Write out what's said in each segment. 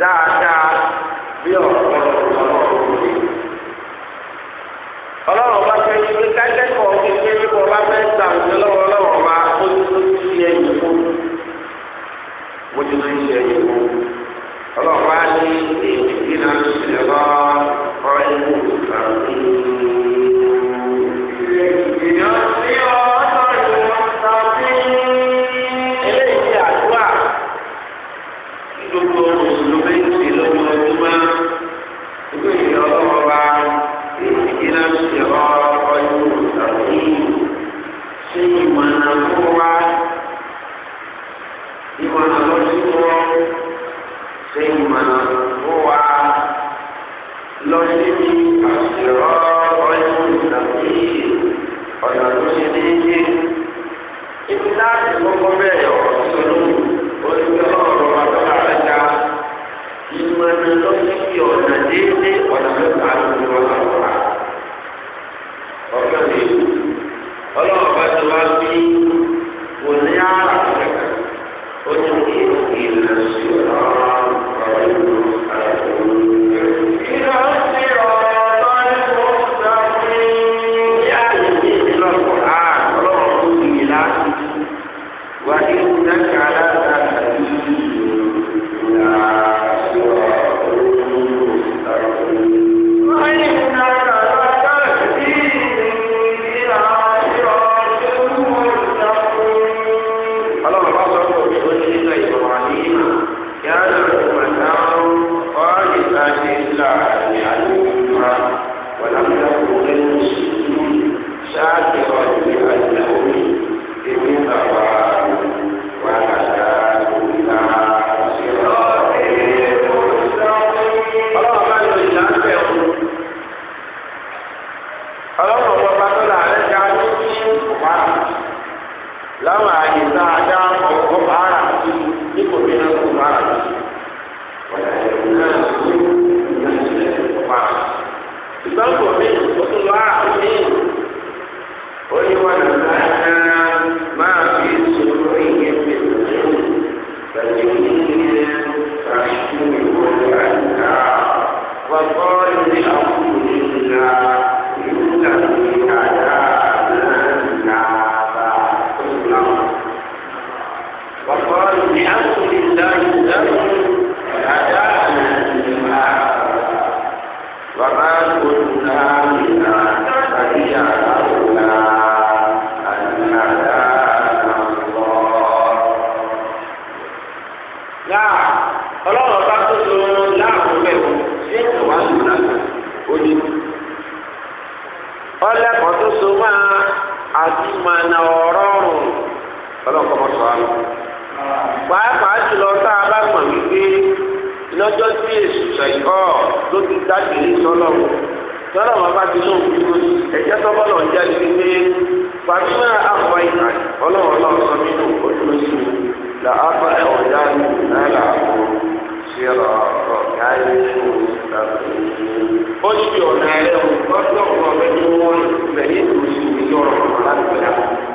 dáadáa bí ọ̀pọ̀ ọ̀pọ̀ òde. ọlọ́run bá fẹ́ ṣe kájẹ́kọ̀ọ́ kékeré bí wọ́n bá fẹ́ gbà ń lọ́wọ́ lọ́wọ́ bá ó ti tó ti ṣe ẹ̀yìn fún. mo ti tó ti ṣe ẹ̀yìn fún. rọrùn ọlọ́kọ́ mọ̀ sọ àná. pàápàá jùlọ tá a bá mọ̀ wípé lọ́jọ́ tí èsù ṣẹ̀kọ́ ló ti dágbére sọ́lọ́run sọ́lọ́run bá ti lóun kú ẹ̀jẹ̀ sọ́bọ́lọ̀ ń jáde wípé pàṣẹ àpá ìlà ọlọ́run ọlọ́run sọ nínú ojúlóṣù là á bá ẹ̀wọ̀n dání náírà àpò ṣẹlọ ọ̀gá ìlú ó ṣì ọ̀nà ẹ̀rọ ọjọ́ ọ̀gbọ̀n mẹ́jọ wọn bẹ̀rẹ̀ ìlú ìlú ìlú ọ̀rọ̀ láti pẹ̀lú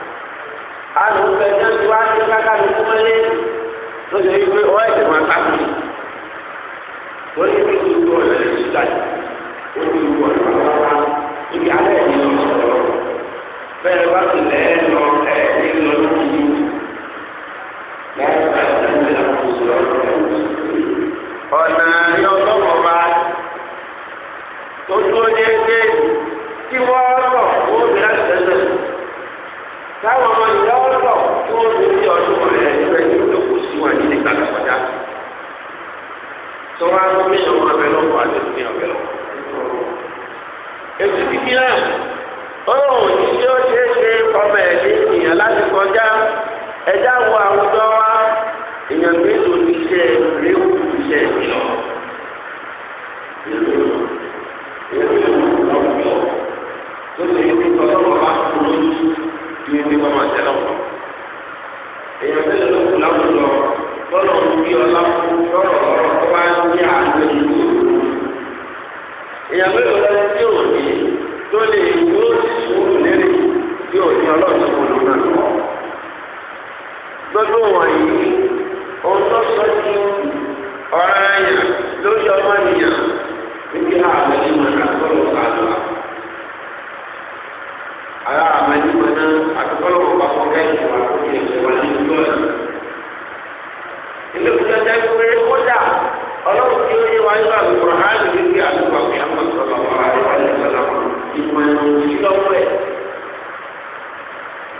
alùpùpù ẹ̀dá ti wá sí káká ló kú mọ́lé ló ṣe yí pé ọ̀rẹ́ ìdìbò àtàkùn wọ́n ní kí ló tó ọ̀rẹ́ rẹ̀ sí láyé ó ní ìwọ ìwà wá ibi alẹ́ ẹ̀ ní lọ sọ̀rọ̀ bẹ́ẹ̀ bá ti lẹ̀ ẹ́ lọ ẹ̀ ní lọ lókè yìí lẹ́yìn bá ti lẹ̀ ẹ́ lọ sọ̀rọ̀ ọ̀nà ìyọ̀tọ̀mọ̀ bá tó dúró déédéé kí wọ́n sọ̀ ó bí láti tẹ̀sẹ̀ táwọn ọmọ ìyá ọlọ́ tí wọ́n ti rí ọdún rẹ̀ ẹgbẹ́ tí ó lòkù sí wọn ní nígbà kọjá. sọ wá ló méjì ọmọ abẹ lọ́wọ́ àti òfin ọbẹ̀ lọ. ètò kíkí náà ó ní tí ó ṣeé ṣe ọmọ ẹ̀ ní ìyàn láti kọjá ẹ̀dá wo àwọn ọlọ́run ti wọlé náà lọ. gbogbo wọ̀nyí ohun tó sọ di ọ̀rọ̀ ẹ̀yà lórí ọmọ nìyàn níbi àmọ́ ìmọ̀ àtọ́lọ̀ kàdùà. ara àmọ́ ìmọ̀ náà àtọ́lọ̀ pàpọ̀ kẹ́yìn wà lórí ẹ̀jẹ̀ wà ní ìlú ọ̀nà. ilé ìjọba jẹ́ pé kódà ọlọ́run tí ó yé wa nígbà lùkùrọ̀ hàn ní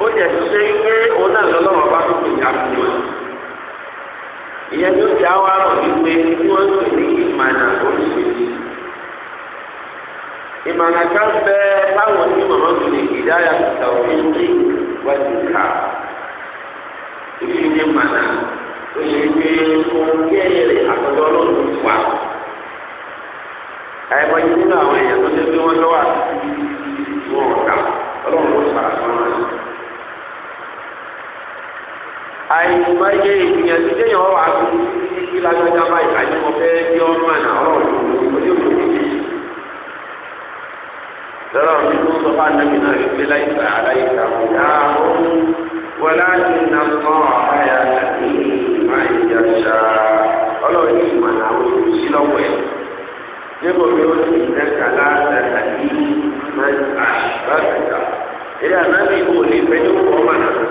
ó jẹ ṣe pé òun náà lọ́wọ́ bá tó kéde àbúrò ìyẹn tó ti àwọn àrùn wípé tí wọ́n ń pè ní ìmọ̀nà oríṣiríṣi ìmọ̀nà kan báwọn tí lè ìmọ̀nà tó àtọ́jọ́ ọlọ́run wà. àìmọye nínú àwọn èèyàn tó lọ́wọ́ àti jẹ́ ìgbìyànjú téèyàn wà á fi kí lágbájá bá ìbàjẹ́ wọn fẹ́ bí ọmọ àná ọlọ́run kò ní òkú níbi. lọ́rọ̀ mi tó sọ bá nàbì náà rí pé láì sà láì sà kò dá òun wọ́n láti nà mọ́ àyà àti máa ń yà ṣá ọlọ́run ní ìmọ̀ náà ó ti sí lọ́wọ́ ẹ̀. níbo ni ó ti dẹ́ka láti àti máa ń àṣìbá kẹta. ilé àná kò lè fẹ́ ní òkú ọmọ náà.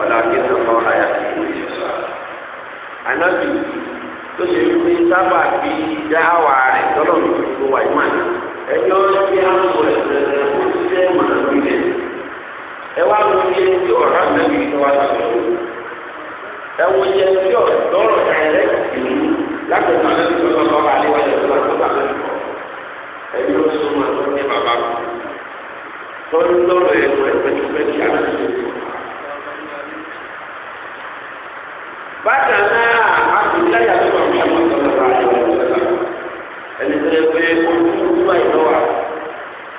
ولكن الله يحكم الجزاء ànábì tó ṣe wípé sábà bí dáhàwá rẹ̀ lọ́dọ̀ mi tó wà ìmọ̀ ẹjọ́ bí àwọn ọ̀rẹ́ rẹ̀ kó ṣe é mọ̀nà nílẹ̀ ẹ wá ló ń yẹ kí ọ̀rọ̀ ànábì tó wà lọ́dọ̀ ẹ wo yẹ kí ọ̀dọ́rọ̀ ẹ̀rẹ́ ìlú látọ̀tọ̀ ànábì tó lọ́kọ́ àléwájú tó wà tó bá lọ́dọ̀ ẹni ó súnmọ́ ní bàbá tó ń lọ́rọ̀ ẹ̀ bákan náà àkùnjá yàtọ̀ lọ sí àwọn ọ̀sán lọ́wọ́ àjọ ìjọba ẹni tó yẹ pé ojú ojú àìlọ́ wà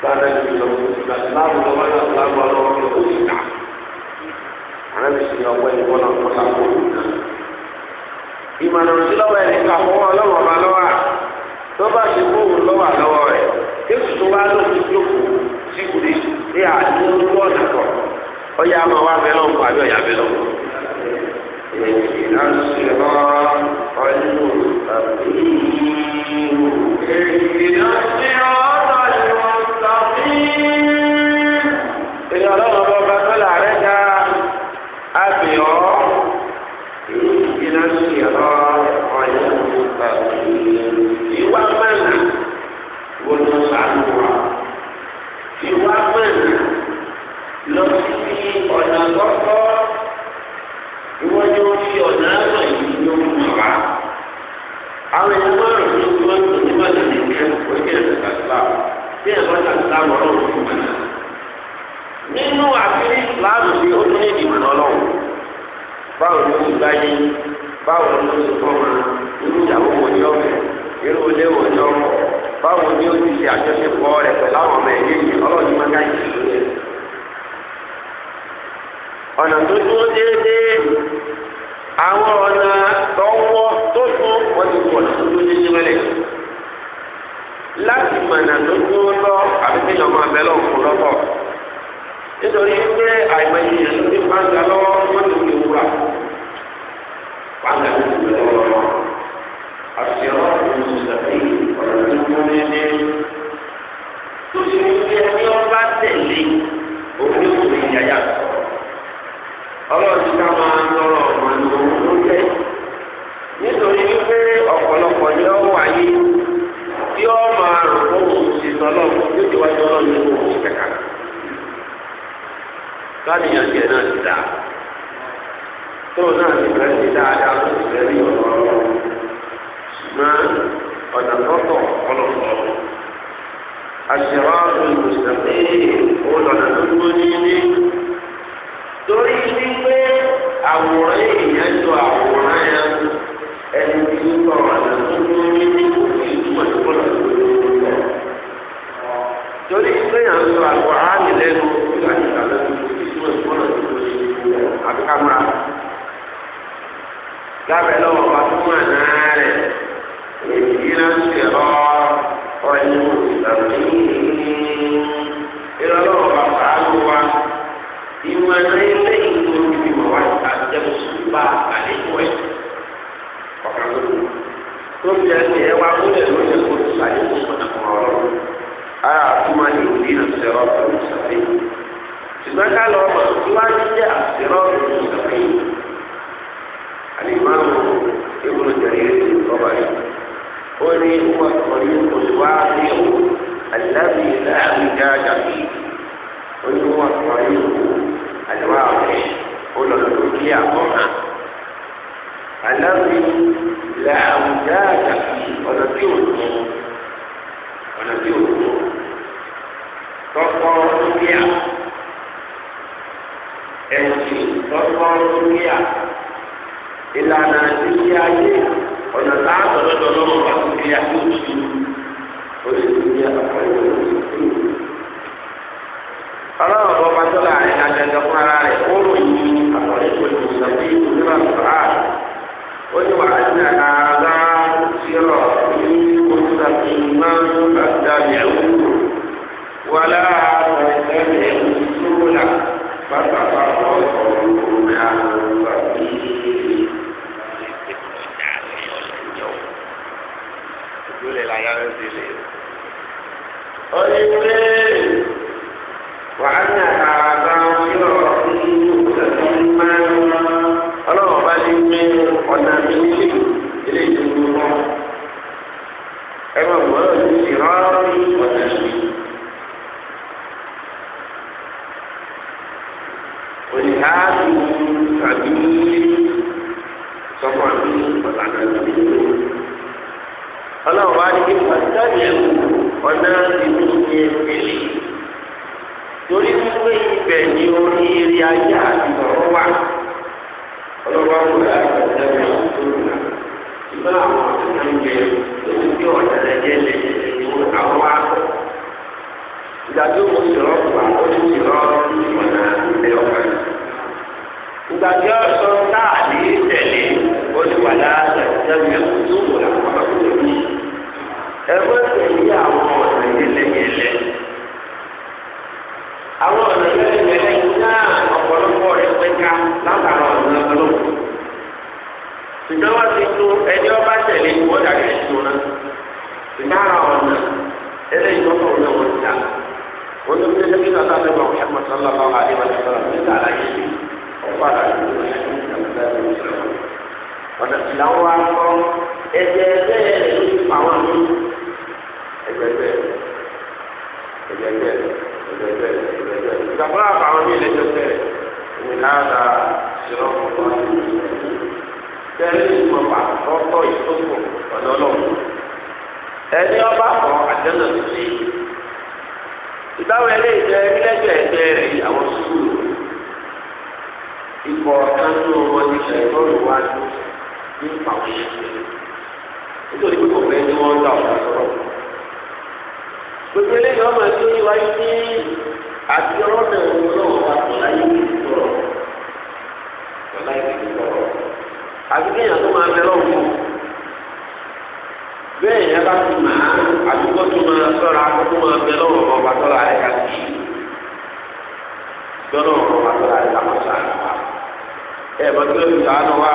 bàtà ju ìjọba láàbù lọ́wọ́ náà láàbù ọlọ́wọ́ ní oṣù náà àwọn ẹni sì ní ọgbẹ́ ìwọ náà kọ́ sáà kó náà ìmọ̀nà òsínlọ́wọ́ ẹni ká fọwọ́ ọlọ́wọ́ ọba lọ́wọ́ tó bá ti kó òun lọ́wọ́ àlọ́wọ́ rẹ̀ kéṣù tó bá lọ sí jókòó sí kùdí ní àdúgbò ọ̀nà kan ọ̀yà máa wá bẹ́ẹ̀ lọ́wọ́ àbí ọ̀yà bẹ́ẹ̀ lọ́wọ́. اهدنا الصراط المستقيم اهدنا الصراط ìsìlámù ọlọ́run tó kù. nínú àfihàn ìsìlámù ni ó tún ní ìdìbò ọlọ́run báwo ló ti gbáyé báwo ló ti fọmọ irú ìyàwó wo ni ọmọ irú ilé wo ni ọmọ báwo ni ó ti ṣe àjọṣepọ̀ rẹ̀ pẹ̀lú àwọn ọmọ ẹ̀yẹ yìí ọlọ́run máa ká ìṣèlú rẹ̀. ọ̀nà tó dúró déédéé àwọn ọ̀nà tọ́wọ́ tó tún wọ́n ti pọ̀ lọ́dún tó dé láti mọ̀nà tó dúró lọ àbí kí ọmọ abẹ lọ kó lọ́tọ̀. nítorí pé àìmọye yẹn ló ti pàǹdà lọ́wọ́ wọ́n ti fi wúrà pàǹdà tó ti wúrà. káníyàn jẹ náà ti dà tó náà ti fẹ́ ti dáadáa tó ti fẹ́ rí ọ̀rọ̀ ọ̀rọ̀ ṣùgbọ́n ọ̀nà tọ́tọ̀ ọlọ́pọ̀ àṣìwájú ìmùsùlùmí ọlọ́nà tó tó ní ní torí wípé àwòrán èèyàn jọ àwòrán yẹn ẹni tí ó tọ̀ ọ̀nà tó tó ní ní òfin ìtumọ̀ tó lọ sí ọ̀rọ̀ torí wípé àwòrán yẹn lẹ́nu ìgbà ìgbà lẹ́nu. àbí kábúra. lábẹ́ lọ́wọ́ pàtúmọ̀ náà rẹ̀ èyí náà ń ṣe ọ́ ọ̀yìn ìlànà ìrọ̀lọ́wọ́ bàbá àlọ́ wa ìwọ̀n náà ilé ìlú ibi mọ̀ wá àjẹ́ mùsùlùmí bá àlejò ẹ̀ ọ̀kan tó kù. tó ń jẹ́ ẹ̀ wá não lóṣèlú kò tó sàyẹ̀ kó sọ̀tà kan ọ̀rọ̀ ara àtúmọ̀ ní ìlú ìrìnàṣẹ́ ọ̀pọ̀ ìṣàfihàn ṣùgbọ́n ká lọ mọ̀ tí wá ọlọ́run wá ní kí pàtàkì ọ̀nà ìdúnyẹ pèlè torí wípé ibẹ̀ ni oríire ayé àti ọ̀rọ̀ wà ọlọ́run wá wọlé àgbàdàgbà ìdúnyà ìgbà àwọn ọ̀sán ń bẹ lórí bí ọ̀nà ẹ̀jẹ̀ lè ní àwọn wá. ìdájọ́ mo sọ̀rọ̀ pa ó ti sọ̀rọ̀ ìmọ̀nà ìbẹ̀ ọ̀gá. ìdájọ́ sọ táàdì tẹ̀lé ó ti wà láàárín ìdájọ́ ìdúnyà tó wọ̀ làwọn ọ̀gá tó tẹ̀lé ẹgbẹ́ tẹ̀lé àwọn ọ̀nà yẹlẹyẹlẹ. àwọn ọ̀nà yẹlẹyẹlẹ náà ọ̀pọ̀lọpọ̀ rẹ̀ pẹ́ka látara ọ̀nà lọ́wọ́. ṣùgbọ́n wọ́n ti tún ẹni ọba tẹ̀lé wọ́n dàgbé ẹ̀sùn náà. ìdára ọ̀nà ẹlẹ́yìn tó kọ̀ ọ̀nà wọn dà. wọ́n tún tẹ́lẹ̀ kí lọ́dọ̀ àti ọmọ ọ̀hún sọ́lá bàbá àdébàdàn sọ́lá nígbà aláyé ọ̀pọ̀ àdàlù ọ̀nà ìlànà wa kọ́ ẹ̀jẹ̀ ẹ̀jẹ̀ ẹ̀ ló ti pa wọn lóyún ẹgbẹgbẹ ẹgbẹgbẹ ẹgbẹgbẹ ẹgbẹgbẹ ìgbàgbọ́n àbáwọn ní ilé jọ́sẹ̀ ìnáàdà ṣẹlọ fún ọ tẹ́lẹ̀ ìmọ̀pá ọkọ̀ ìtòkò ọ̀dọ́ náà ẹni ọba kọ àjẹnà sí ìbáwọ̀ ẹlẹ́yìí jẹ́ ẹgbẹ́lẹ́jọ́ ẹgbẹ́ rẹ̀ àwọn sùúrù ikọ̀ ẹnu wọn ti ṣe ìtọ́jú wájú ní ìpàwọ̀ yẹn nítorí pé kò fẹ́ ní wọ́n ń dá ọ̀dà sọ̀rọ̀ gbogbo eléyìí ọmọ ẹjọ́ yìí wáyé ní àti ọlọ́dẹ òun náà wà fún ayé ìdúró ọ̀la ìdúró àti kéèyàn tó máa bẹ̀rẹ̀ òun bẹ́ẹ̀ yẹn bá ti máa àdúgbò tó máa sọ̀rọ̀ àkókò máa bẹ̀rẹ̀ òun ọba tọ́lá rẹ̀ ká sí gbọ́dọ̀ ọba tọ́lá rẹ̀ ká máa sọ̀rọ̀ ẹ̀ bá tó lè fi sàánù wa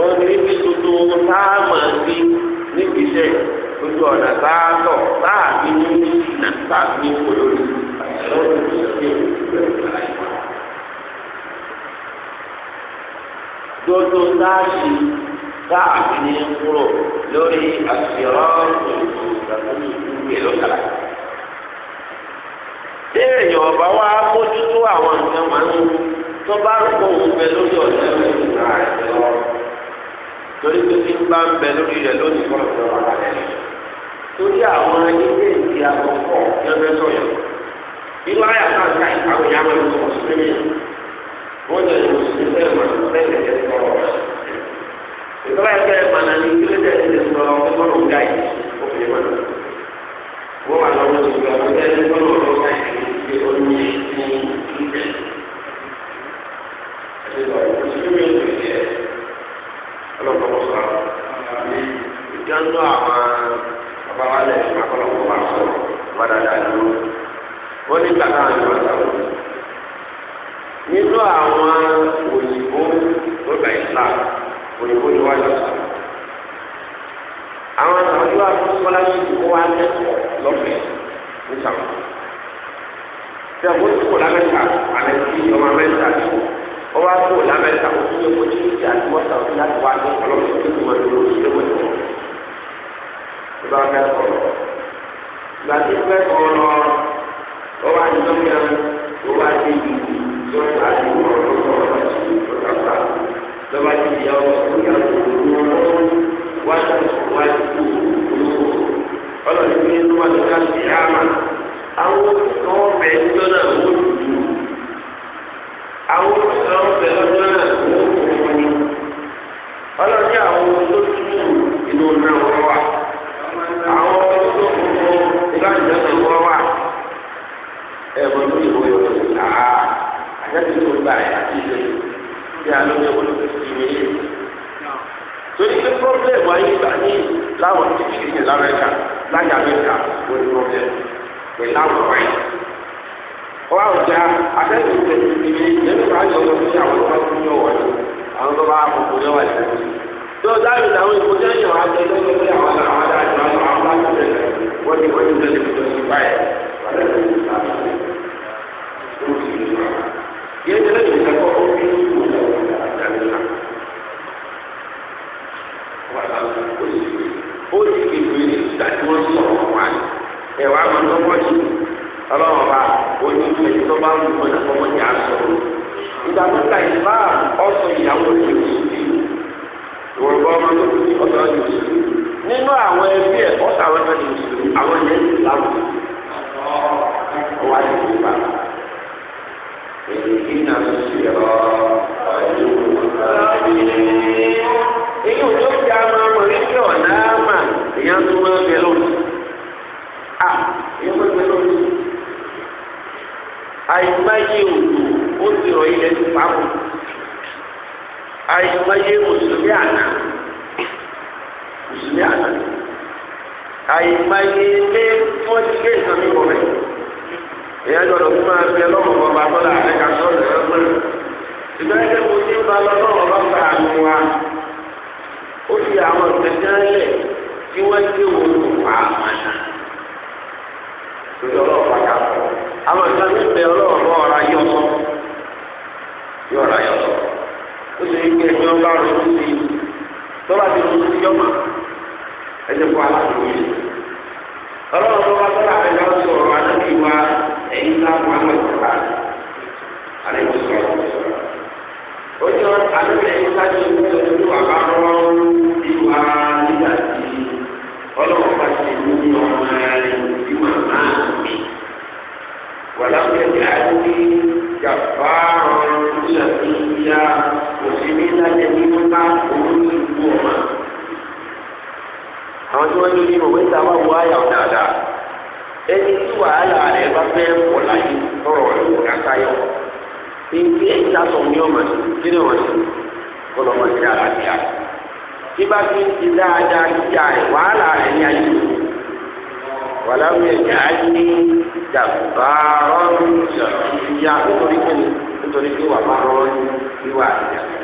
ó ní bí tuntun táà máa ń bí níbi iṣẹ́ yìí lójú ọ̀nà sáàtọ̀ sáàbí ní ìnà sáàbí ní olórí lọ́dún tó ṣe dodo sáàbí sáàbí ní kúrò lórí àṣìrọ́ ìlúkàlà. tí èèyàn ọba wa mójútó àwọn nǹkan máa ń tó bá rò pé òun bẹ lórí ọ̀nà ìlú náà torí pé kí n bá ń bẹ lórí rẹ̀ lónìí kọ́ ọ̀sẹ̀ wà lálẹ́ yìí torí àwọn ilé ìdí àkọ́kọ́ yọ̀bẹ sọ̀yọ̀ nínú àyà náà ká ìpàwé yà máa ń sọ mùsùlùmí wọ́n yẹ mùsùlùmí fẹ́ẹ́ máa fẹ́ẹ́ lẹ́yẹ sọ̀rọ̀ ìtọ́lá ẹgbẹ́ màná ní ilé ìdẹ́sẹ̀ sọ̀rọ̀ ọgbọ́n ọ̀gá yìí ó fi mọ̀ náà wọ́n wà lọ́wọ́ ìgbà ọ̀gá ẹni gbọ́dọ̀ ọ̀gá yìí ṣe omi ní ìbẹ̀ mùsùlùmí ò fi jẹ ọlọ́pàá mọ̀ sọ̀rọ̀ ìdáná àwọn bàbá wa lẹ̀ ní akọ́lọ́kọ́ máa sọ padà dàdúró ó ní kàkà àjọ àtàwọn nínú àwọn òyìnbó tó gbà ìsà òyìnbó ni wọ́n yọ sọ àwọn àtàwọn yóò wá kọ́lá yìí kó wá lẹ́kọ̀ọ́ lọ́fẹ̀ẹ́ ní sàmù tí a kó tó kó lámẹ́ta àlẹ́ tí ọmọ amẹ́ta tó wọ́n wá kó lámẹ́ta ó tún yẹ kó tí ìjà tí wọ́n sàmù láti wá lẹ́kọ̀ọ́ lọ́fẹ̀ẹ́ tó ti wọ́n lọ́wọ́ sí ẹ̀wọ̀n ìwọ̀n ìbá kẹ́kọ̀ọ́ lọ. ìgbà tí ó kẹ́kọ̀ọ́ lọ ó wá ní lóyún ẹni ó wá dé ibi tó ń ta ní ọ̀rọ̀ tó sọ̀rọ̀ lọ sí ìjọba lọ́ba ti di ọmọ ìyá òkú lọ́wọ́ wá sí wá sí òkú ọlọ́run ní inú wọn ti ká sí àmà àwọn òkú ọ̀bẹ tó náà wọ́n dùn àwọn òkú ọ̀bẹ tó náà wọ́n kò wọ́n ni ọlọ́run àwọn tó dùn inú náà wọ́n àwọn olókùnkùn ìgbàlódé náà wọ́n wà ẹ̀rọ ní ìwé ọ̀rọ̀ àhá àjáde tó gbà ẹ̀ àti ilé tí a lóye wọlé ìwé yìí. torí pé pọ́blẹ́mù ayé ìgbà ní láwọn tí kìí ní lámẹ́ríkà láyé amẹ́ríkà wọ́n ní pọ́blẹ́mù pẹ̀lú àwọn ọ̀rẹ́ yìí. wọ́n àwọn ọ̀jà àtẹ́sí ìwé ìwé yẹn bá yọ lọ sí àwọn ọmọ tó yọ wọ̀nyí àwọn tó bá kókó yọ wà lẹ́yìn. tó dáhùn ìdáhùn ìkójẹ́ yọ̀ wọ́n ti wọ́n ti lọ sí ìjọsìn báyìí wọ́n lọ sí ìjọsìn báyìí ó sì ń lọ. yẹn ti lọ́dún ìsẹ́kọ̀ ó fi ń kú lọ́wọ́ àtàlẹ́ náà. wọ́n lọ sí ìjọsìn ó sì fi ìwé nígbà tí wọ́n sọ̀rọ̀ tó bá ọ̀sọ̀ ìyàwó rẹ̀ ló nínú àwọn ẹbí ẹ̀ ọ̀sà àwọn ẹgbẹ́ mùsùlùmí àwọn ẹ̀yẹ́ ti láwù wá ní ìgbà èyí kí n náà ṣe ọ ọdún èyí ò tó ti àwọn ọmọ rẹ kí ọ̀nà àmà èèyàn tó máa ń lónìí à èyí máa ń lónìí àìmáyé òdò ó ti rọ ilẹ̀ tó pamọ́ àìmáyé mùsùlùmí àná. mùsùlùmí àná àyìnbáyé lé tí ti gbé ìtàn mi wọ̀ rẹ̀ èyí lọ fún máa fi ẹlọ́run bọ̀ bá tọ́lá àrẹ ká sọ ọ̀rẹ́ rẹ pẹ̀lú ìgbà yẹn ba bá gba wa ó fi àwọn ìgbẹ́jẹ́ lẹ̀ wọ́n ti wò ó pa àmàlà lórí àwọn bẹ ó sì ń gbé tọ́ba ti di yọ̀mà ẹ̀jẹ̀ kọ́ aláàbò yìí. ọlọ́run tó bá tọ́lá ẹ̀ka sọ̀rọ̀ àdókè wa ẹ̀yìn láàbù àwọn ìjọba àlẹ́ ìjọba ó jọ àlùfẹ́ ìsájú ìtọ́jú àbá rọ́ ìwà nígbà tí ọlọ́run bá ti mú ọmọ rẹ̀ bí màmá mi. wàlámù ẹ̀jẹ̀ àdókè jàpá ọ̀rọ̀ ìṣàkóso ìyá òsínmí lájẹ̀ ní ní ìlú ọ̀mà àwọn tí wọ́n ní nínú òwe tá a bá wọ àyà dáadáa ẹni tí wàhálà rẹ̀ bá fẹ́ pọ̀ láyé tọrọ rẹ̀ kò dáká yọ ìdí ẹ̀yà sọ ní ọmọ sí kí ni wọ́n ti kó lọ́mọ sí àlàáfíà tí bá fi ń ti dáadáa jíjà rẹ̀ wàhálà rẹ̀ ní ayé wàlámù ẹ̀jẹ̀ ayé jàgbá rọrùn ìyá nítorí kí ni nítorí kí wàá bá rọrùn ìwà àti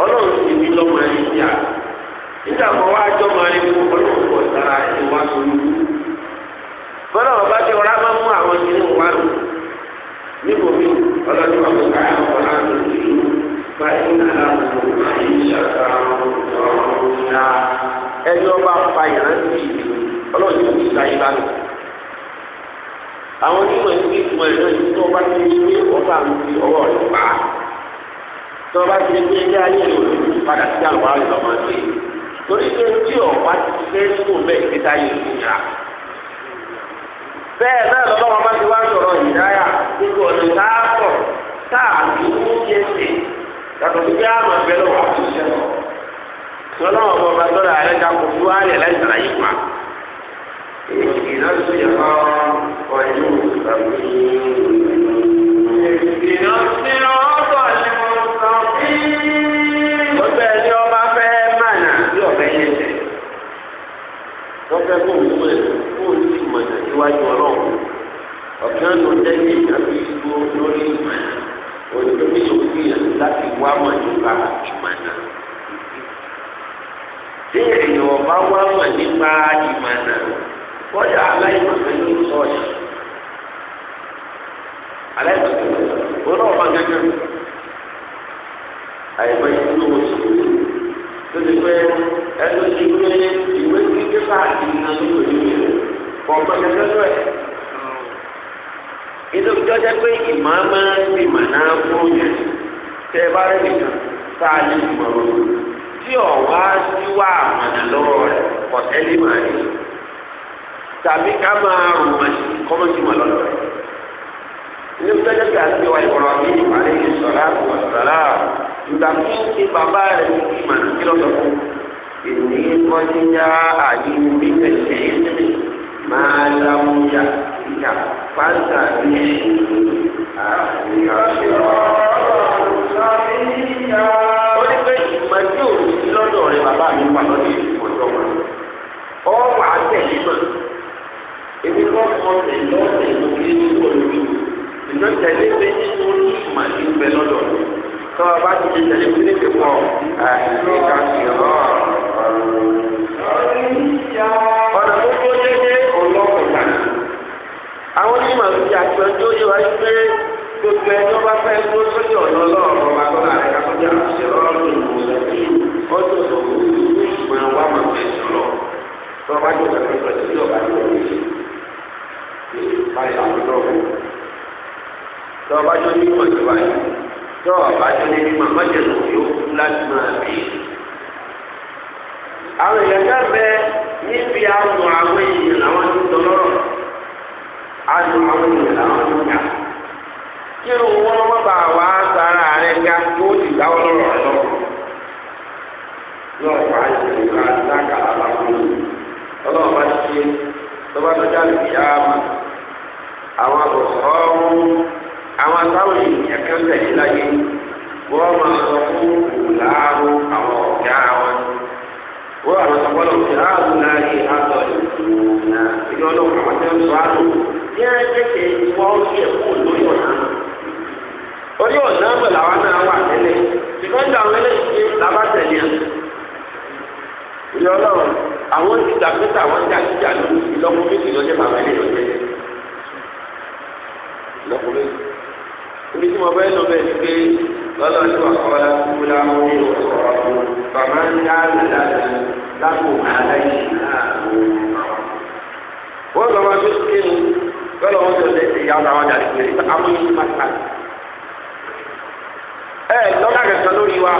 ọlọ́run sì ní lọ́mọ ẹni tí a nígbà mọ́ wá jọ́ máa ń mú ọlọ́run pọ̀ sára ẹni wá sórí kú. bọ́lá ọba tí ọlá máa mú àwọn tí ń wá lò níbo mi ọlọ́dún wà fún káyà ọkọ̀ láti rí i báyìí náà láti mú àyè ìṣàkà ọ̀rọ̀ ìyá ẹni ọba fa ìrántí ọlọ́run yóò fi sáyé bá lò. àwọn onímọ̀ ìgbésùn ẹ̀rọ ìtọ́ bá ti rí ọba àti ọwọ́ rẹ̀ pa á tí wọn bá ti gbé ilé ayé rẹ òní padà sí àwọn àlùfáà máa gbé torí pé tí ọba ti fẹ́ sùn bẹ́ẹ̀ ti ta yìí ti yà bẹ́ẹ̀ náà lọ́wọ́ wọn bá ti wá sọ̀rọ̀ ìdáyà gbogbo ọ̀nà táàpọ̀ táàbí ní ṣe ṣe yàtọ̀ sí pé àmọ̀ ẹgbẹ́ lọ́wọ́ àtúnṣe lọ lọ́wọ́ wọn bá sọ̀rọ̀ ààrẹ ká kò fún wáyé láì sàlàyé fún wa. èyí náà tún yẹ kọ́ ọ̀yọ́ ìgbàgbọ́ yìí. ìdìnnà sí ọ̀sán. fẹ́ kó òun mọ̀ kó òun sì mọ̀ níwájú ọlọ́run ọ̀kan ló tẹ́lẹ̀ ìdábí dúró lórí ìmọ̀ òdòdó o yẹn láti wá mọ̀ nípa ìmọ̀ náà. tí èèyàn ọba wá mọ̀ nípa ìmọ̀ náà kọ́jà aláìmọ̀kan ló sọ ọ̀yà aláìmọ̀kan ló sọ ọ̀yà ó náà wá gángan àìmọ̀ ìdúró oṣù tó ti pẹ́ ẹ ló ti gbé káàkiri náà ní òní yìí kọ̀ọ̀kan lọ́dọ̀ ẹ̀. inú jọ́jọ́ pé ìmọ̀ máa ń fi màná fún yẹn tẹ́ ẹ bá rẹ̀ nìkan tá a lè mọ̀ ọ́ tí ọ̀wá sí wà àmàlà lọ́wọ́ rẹ̀ kọ̀tẹ́lì máa ní tàbí ká máa rò mà sí kọ́mọ́tì mà lọ́dọ̀ rẹ̀. inú jọ́jọ́ pé àti ìwà ìwọ̀rọ̀ mi ìpàdé ìṣọ̀lá àti ìwà ìṣọ̀lá nígbà tí bàbá إني قد جاءني من العلم ما لم يأتك فاتبعني أهدك صراطا سويا ó ní pé ìmọ̀ tí ò ní sí lọ́dọ̀ rẹ bàbá mi wà lọ́dọ̀ ìdìbò ọjọ́ wọn ọ wà á tẹ̀lé náà èmi kọ́ mọ tẹ̀lé ọ̀tẹ̀ lókè ní olùdó ìjọ tẹ̀lé pé nínú ìmọ̀ tí ń bẹ lọ́dọ̀ rẹ tó o bá ti di tẹ̀lé tí ní fipọ̀ àìsí ká sí lọ. ọ̀nà tó tó yé ní ọlọ́kùnrin àwọn onímọ̀ ti àtúnjọ́ yóò wáyé pé gbogbo ẹni ọba fẹ́ tó sójú ọ̀nà ọlọ́run ọba tó náà ẹ̀ka tó jẹ́ àṣẹ ọlọ́run ìwòsàn ọdún tó kù pé wọ́n máa fẹ́ sùn lọ. tó o bá jọ kẹ́kẹ́ pẹ̀lú tí ọba yóò wọlé sí i báyìí àwọn ọ̀dọ́ wọn. tó o bá jọ ní ìmọ̀ ìjọba yìí. tó ọba tó lé ní màmá jẹnu yóò kú láti máa bí. àwọn èèyàn ká bẹ níbi àwọn àwọn èèyàn làwọn tó tọlọ́rọ̀ àwọn àwọn èèyàn làwọn tó yà. má wá sára rẹ ká tó ti gbá lọ́rọ̀ lọ. bá ti ṣe tó àwọn atáwọn ènìyàn kan tẹ̀lé láyé wọ́n máa sọ fún òláàrú àwọn ọ̀gá wọn wọ́n àwọn sọ̀kọ́lọ̀ òláàrú láyé àtọ̀ ìdùnnà na ọlọ́run àwọn tẹ́ ń sọ àlọ́ ní ẹ̀ẹ́dẹ́gbẹ̀ wọ́n yẹ lórí ọ̀nà orí ọ̀nà náà wà tẹ́lẹ̀ àwọn ẹlẹ́sìn ọlọ́run àwọn bàbá ibi tí mo bẹ́ lọ bẹ́ẹ̀ ni pé lọ́dọ̀ tí wà kọ́ la kú la mú mi ò sọ̀rọ̀ fún bàbá ń dá àlùdá sí lápò aláìsí láàrú. wọ́n lọ wá tó ké mu lọ́dọ̀ wọn tó lè ṣe ìyá ọ̀la wọn dàbí pé amúyí má ta. ẹ lọ́dà kẹsàn-án lórí wa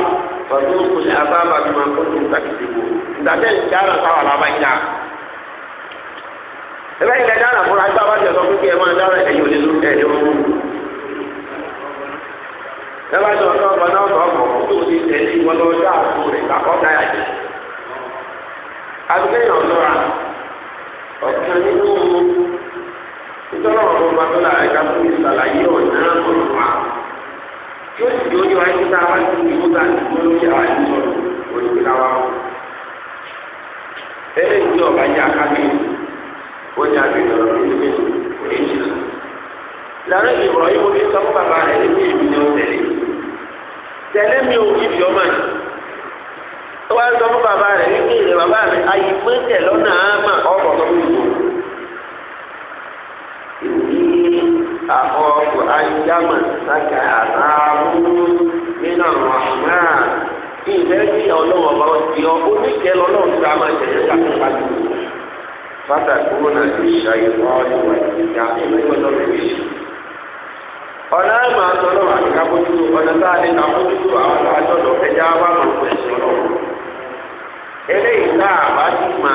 pàtó kò ní abáàbà tó máa kó tó ń tàkìtì wò ìdàbẹ́ ìdáná táwọn alábá ń yá ẹgbẹ́ ìlẹ̀ dáná fúnra gbá bá jẹ sọ fún kí ẹ máa dáná ẹ̀yọ́ lé lórí ẹ̀ ẹwà tó ọ̀tọ̀ ọ̀gbọ̀n náà bọ̀ ọ̀gbọ̀n tó ti tẹ̀ sí wọn lọ́wọ́ dáa tó rẹ̀ kakọ́ táyà jẹ. àdúgbò yẹn ọ̀dọ́ra ọ̀kan nínú nítorí ọ̀rọ̀ ọba tó lára ẹ̀ka fún ìsàlàyé ọ̀nà ọ̀nà wa tí ó sì di ojú wa ẹ̀ka tá a wá sí ìlú tá a ti gbọ́ lórí ẹ̀rẹ́ ìdí ọ̀bá jẹ́ akábíyèsí ó jẹ́ àbẹ̀rẹ̀ ọ̀rọ̀ ní í ṣe sùn. làárẹ̀ ìbọ̀rọ̀ yìí mo fi bàbá rẹ̀ níbi ìbí ni ó tẹ̀lé. tẹ̀lé mi ò ibi ọmọ yìí ó wá sọ fún bàbá rẹ̀ wípé ìrẹ̀ bàbá mi ayé pé tẹ̀ lọ́nà àmà ọ̀rọ̀ tó ń lò. nínú àwọn àmà ìrẹsì ọ oníkẹ́ lọ́lọ́run tó a máa tẹ̀lé kàkàkà tó fàtàkùn náà ti ìwé ọ̀nà àmà àtọ̀lọ́ àti kábójútó ọ̀nà tá a lè kábójútó àwọn tá a jọ̀dọ̀ ẹja wà mọ̀ fún ẹ̀sìn lọ. eléyìí tá a bá ti mà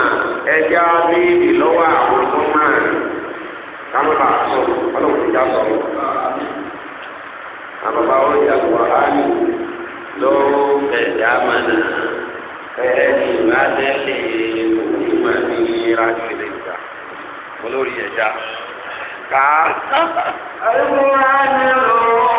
ẹja bíbí lọ́wọ́ àwọn tó máa kámọ́ bá a sọ ọlọ́run ti já sọ. àbàbà wọn jà lọ wà á ní lọ́wọ́ ẹ̀já máa nà ẹ̀ẹ́dì ìbádẹ́lẹ̀ òní màmí rájò olórí ẹ̀já kà á. ẹ̀rù wa ni o.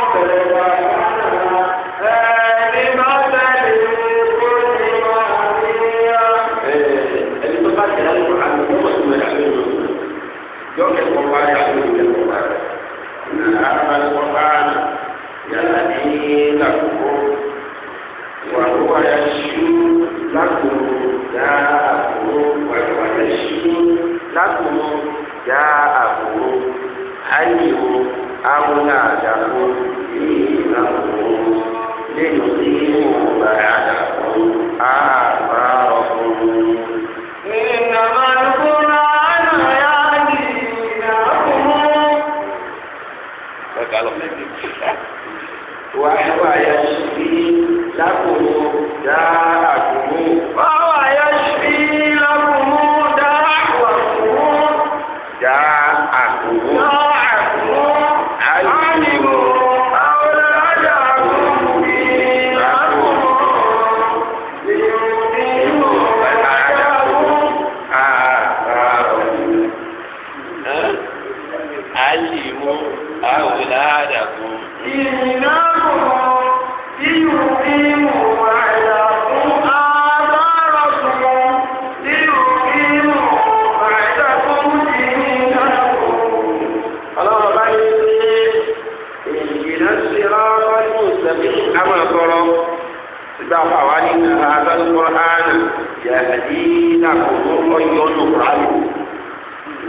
الذين هم ينفعون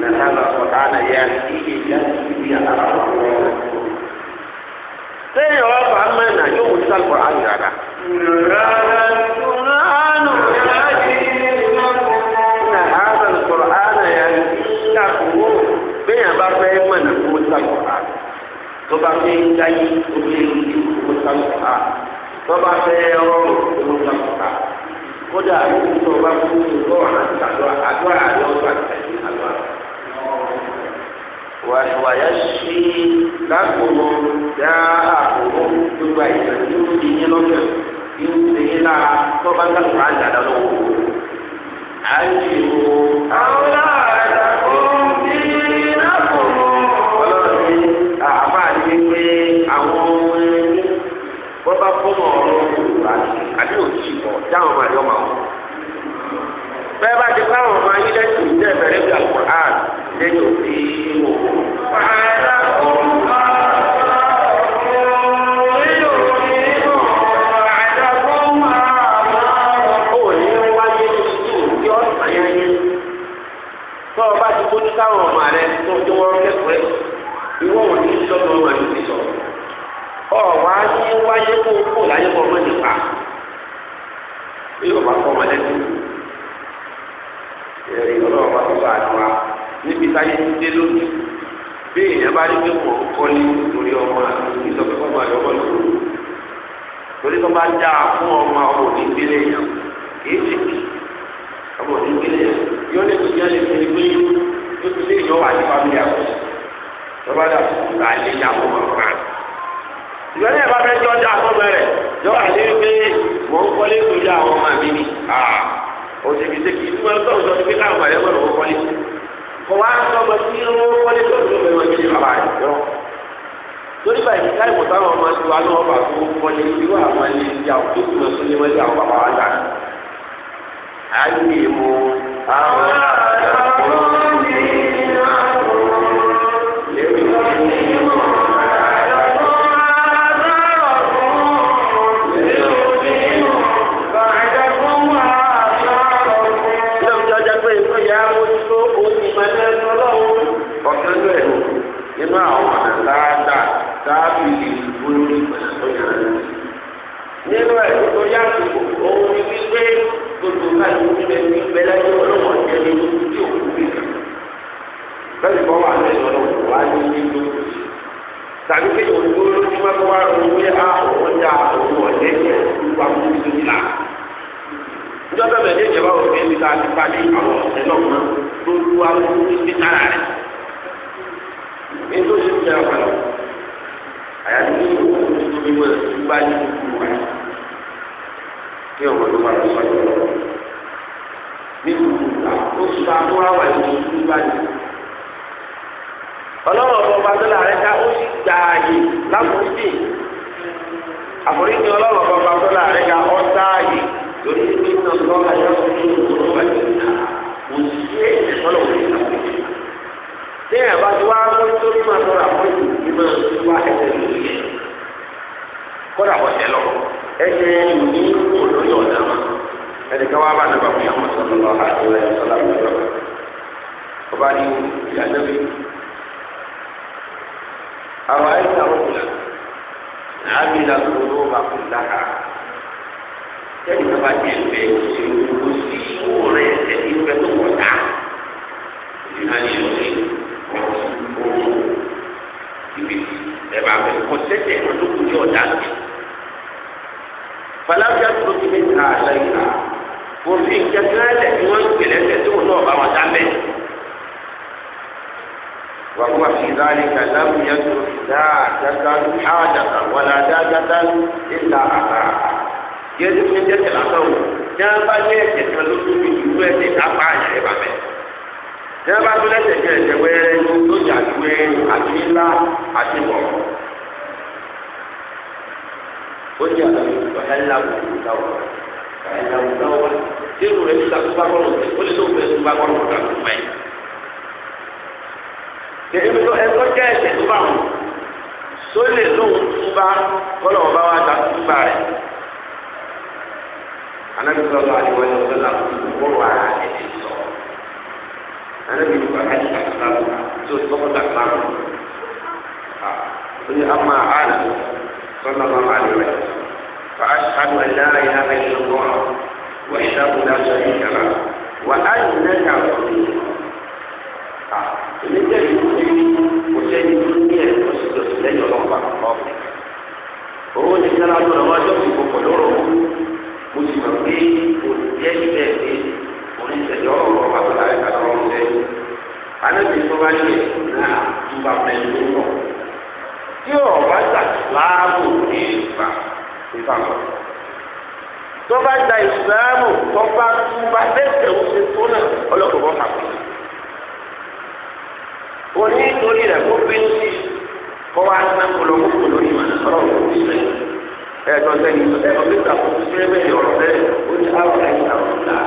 إن هذا سبحانه يأتي بجسده sẹ́yìn ọ̀rọ̀ bá mẹ́rin àjọ òun sá lọ́rọ̀ àjọ àdá. rárá ṣùgbọ́n àánú ìyáàjì ní àárọ̀ lọ́rọ̀ àánú ìyáàjì ṣàkóso bẹ́yìn bá fẹ́ mọ̀nà kó sá lọ́rọ̀ àjọ. tó bá fẹ́ dáyé kódà tó bá kú tó àdúrà àdúrà àdúrà ọgbà tẹ̀lé àdúrà. wàyà sí lákòókò dá àkókò gbogbo àyè yóò di yín lọ́kẹ́ yóò di yín lára tó bá ń gbàgbọ́ àjàdá lọ́wọ́. àyè wò. àwọn náà. sọ táwọn ọmọ àyọ máa wọ. bẹ́ẹ̀ bá ti káwọn ọmọ ayé lẹ́sìn ìjẹ́ ìbẹ̀rẹ̀ bí àkùrán lẹ́yìn òsì ìwò. tọ́wọ́ bá ti bójú táwọn ọmọ rẹ tó ń wọ́n kẹ́kọ̀ọ́ ìwọ wọn ní sọ́dọ̀ wọn àti sísọ. ọ̀wá ní wáyé kó kó láyé kọ́ mọ́ nípa bí yóò bá fọ́ ọmọ lẹ́nu ẹ̀rí ọlọ́wọ́ bá tó sọ àdúrà níbi táyé ti dé lónìí bí èèyàn bá rí pé wọ́n kọ́ ní torí ọmọ ìsọ pé ọmọ àyọ̀ ọmọ lòlù torí tó bá já fún ọmọ ọmọ òní gbélé yẹn kì í ṣèkì ọmọ òní gbélé yẹn yóò lè tún yẹn lè fi gbé yóò tún lè yọ wà ní fámìlì àkọsí tọ́ba dà tún bá lè yà fún ọmọ kan ìgbà ní ẹ̀ bá fẹ́ jọ́ já fún ọmọ rẹ̀ yọ wà ní pé mò ń kọ́lé ìtòjú àwọn ọmọ mi ni òṣèlú ah, ṣe kì í túmọ̀ lọ́wọ́ sọ pé káwọn àyẹ̀wò lọ́wọ́ kọ́lé kọ́ wá sọ́mọ tí ó kọ́lé lọ́wọ́ lọ́wọ́ ìwé bàbá rẹ̀ yọ. torí báyìí ká ìmọ̀ táwọn ọmọ ti wá lọ́wọ́ bá tó kọ́lé irú àwọn ilé ìyá òkú ìmọ̀ tó lé wọ́n lé àwọn bàbá wa dà. ayé mi mú àwọn àgbà wọn ní. òun ni wípé gbogbo káyọ̀ níbẹ̀ ní ìgbẹ́láyé ọlọ́wọ́ jẹ́lé tí òun gbé. bẹ́ẹ̀ni bọ́ wà lẹ́nu ọlọ́wọ́ wá ní nínú tàbí pé òdo tí wọ́n bá wá owó yá òun dá òun ọ̀dẹ́ wà mi ta ti parí àwọn náà àwọn tó ti ní ọ̀rọ̀ tó wà lọ́sọ̀ yìí lọ. ní ìgbà tó sọ àtúwáwá ìlú nígbà yìí. ọlọ́run ọ̀rọ̀ ọba tó láàrin ká ó sì gba ààyè láforíjì. àforíjì ọlọ́run ọba tó láàrin ká ọ́ sá ààyè lórí pé náà lọ́ àyẹ̀wò ní ìgbòho wà ní ìgbà kò sí ẹ̀jẹ̀ tọ́lọ̀ wọlé ìgbà ní ẹ̀bá tí wàá mú nítorí máa tọ́ra fún ìgbìmọ̀ ìwà ẹ̀jẹ̀ lórí ẹ̀ ẹyẹ ní olórí ọ̀dà wọn ẹnìkan wá bá ní bàbá yàrá sọ̀rọ̀ lọ ha ìwé ìsọ̀lá mi lọ ọba ní ìyájọ́ bí àwọn àìsàn òkúta àmì ìlànà owó bá kú lára ẹni tó bá jẹ ẹgbẹ́ ṣe owó sí owó rẹ ẹni fẹ́ tó wọ ta ìdílé ní ìlú ọ̀hún owó ẹ̀ bá fẹ́ kọ́ sẹ́sẹ̀ ọdún kù ní ọ̀dà sí fàlàfíà tó ti fi ta àṣà ìhà òfin kẹsàn-án tí wọ́n gbẹ̀lẹ́ tẹ̀ tó náà bá wọn dábẹ́. وهو في ذلك لم يترك زادة حاجة ولا زادة إلا أتاها yẹtu fi tẹsẹ lásán o náà bá ní ẹsẹ kan ló tún fi ìlú ẹsẹ kápá àyẹ̀rẹ́ bàbẹ̀ náà bá tún lẹsẹ kan ẹsẹ wẹrẹ tó jà ju ẹ àti ńlá àti bọ̀ ó ní àná ọ̀hẹ́lá wùdá wà ọ̀hẹ́lá wùdá wà tí irun rẹ̀ nígbà tó bá kọ́rọ̀ ó lè tó fẹ́ tó bá kọ́rọ̀ kọ́rọ̀ tó fẹ́. Tẹ̀lé tó ẹ̀kọ́ jẹ́ ẹ̀sẹ̀ tó bá wù tó lè lóun tó bá kọ́lọ̀ ọba wa ta tó bá rẹ̀. Ànábi sọ̀rọ̀ àdìwọ̀ ẹ̀ lọ́sọ̀ là kó wà ẹ̀dẹ̀ sọ̀. Ànábi sọ̀rọ̀ àdìwọ̀ ẹ̀ lọ́sọ̀ là tó tó kọ́ صلى الله عليه وسلم فأشهد أن لا إله إلا الله وحده لا شريك له وأنك رسول ilé jẹ́ ìlú kò sẹ́ni tó ní ẹ̀ kó sì tó sílẹ̀ yọ̀ lọ́wọ́ àkọ́kọ́. owó ní sára ló lọ́wọ́ ọjọ́ sì kò pọ̀ lọ́rọ̀ o mo sì mọ̀ pé olùjẹ́ ìbẹ̀ pé oníṣẹ̀lẹ̀ ọ̀rọ̀ ọ̀rọ̀ bàbá láyé kàtọ́ ọ̀rọ̀ sẹ́yìn. alẹ́ mi tó bá yẹ náà tó bá fẹ́ lórí ọ̀rọ̀ tí ọba gbà láàbù ní ìgbà ìgbà kan tó bá gba ìsìlámù tó bá túbà lẹ́sẹ̀ oṣù tó náà ọlọ́kùnrin bọ́ kàkú. o ní torí rẹ̀ kó bí ní kó wá ná polówó lórí ìmọ̀ ọ̀rọ̀ kò sí rẹ̀ ẹ̀ẹ́dọ̀ sẹ́ni ẹ̀ẹ́dọ̀ bí kàkú sí rẹ̀ bẹ́ẹ̀ ọ̀rọ̀ bẹ́ẹ̀ ó ní àwọn ẹ̀yìn àwọn ọ̀la.